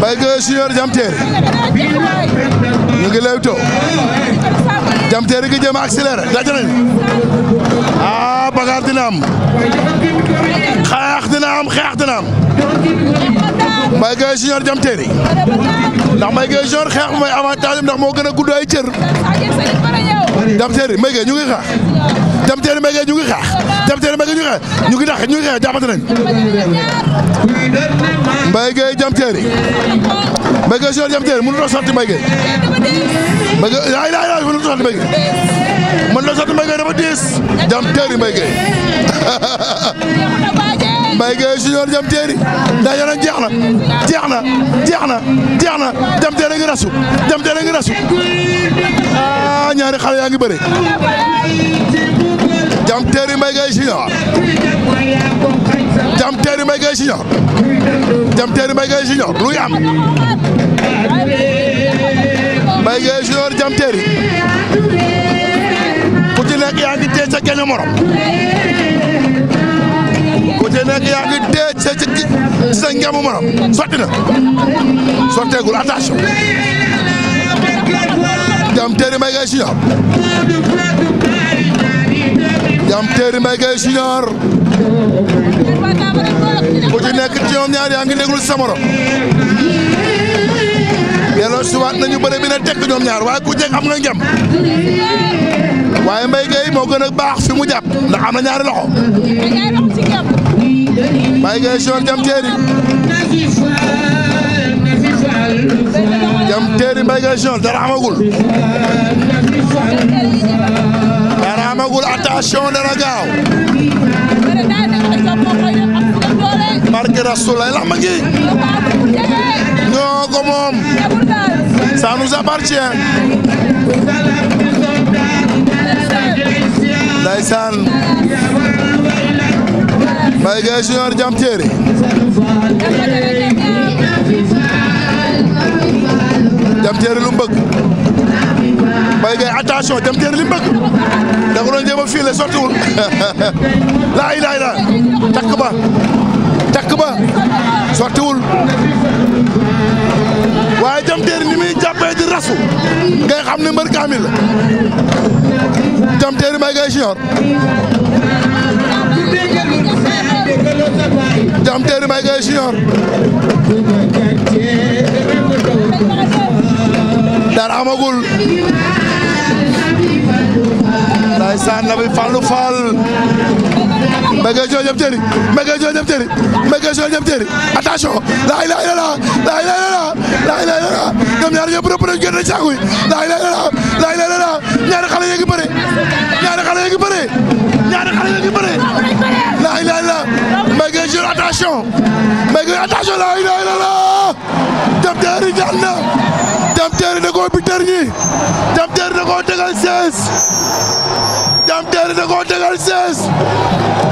Mbaye Gueye Junior Diam Terry ñu ngi lewto Diam Terry gi jëm accéléré daje nañu ah bagaar dina am xeex dina am xeex dina am Mbaye Gueye Junior jam teeri ndax Mbaye Gueye Junior xeex mooy avantage am ndax moo gën a gudd ay cër jam teeri Mbaye Gueye ñu ngi xeex jam teeri Mbaye ñu ngi xeex jam teeri Mbaye Gueye ñu ngi xeex ñu ngi tax ñu ngi xeex jàppante nañ jam teeri Mbaye jam teeri mënu ta sotti Mbaye Gueye Laye Gueye junior Diam Terry ndaa ñoo jeex na jeex na jeex na jeex na Diam Terry ngi rasu Diam Terry ngi rasu a ah, ñaari xale yaa ngi bëre Diam Terry Mbaye Gueye junior Diam Terry Mbaye Gueye junior Diam Terry Mbaye Gueye junior luy am Mbaye Gueye junior ku ci nekk yaa ngi dee ci sa ci sa ngemu morom sotti na sotteegul attention Diam Terry Mbaye Gueye Junior Diam Terry Mbaye Gueye Junior ku ci nekk ci ñoom ñaar yaa ngi déglu sa morom delloo si waat nañu bëre bi ne tekk ñoom ñaar waaye ku jeg am nga ngem waaye Mbaye Gueye moo gën a baax fi mu jàpp ndax am na ñaari loxo Mbaye Gueye soor jam teeri jam teeri Mbaye Gueye soor dara amagul dara amagul gaaw barke Rasulullah lax ma ngi ñoo ko moom ça nous appartient ndeysaan Mbaye Gueye Junior Diam Terry Diam Terry lu mu bëgg Mbaye Gueye attention Diam Terry li mu bëgg da ko doon jéem a filer sottiwul laa ilaha waaye Diam Terry ni muy jàppee di rasu ngay xam ne mbër borom Téeru Mbaye Gueye Junior jam Téeru Mbaye Gueye Junior dara amagul ndeysaan la bi Fallou Fall Mbaye Gueye Junior jëm teeri Mbaye Gueye Junior jëm teeri Mbaye Gueye Junior jëm teeri attention la ilaha illallah la ilaha illallah la ilaha illallah ñoom ñaar ñëpp rëpp nañ génn caaku yi la ilaha illallah la ilaha illallah ñaari xale yi ngi bëre ngi bëree ñaari xale ngi bëree la ilaha illa may ngay jël attention may ngay attention la ilaha illa la dem teeri jàll na dem teeri da koo biter ñi